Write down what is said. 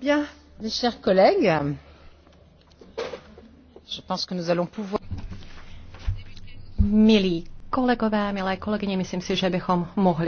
Bien, mes chers collègues, je pense que nous allons pouvoir. Milí kolegové, milé kolegyně, myslím si, že bychom mohli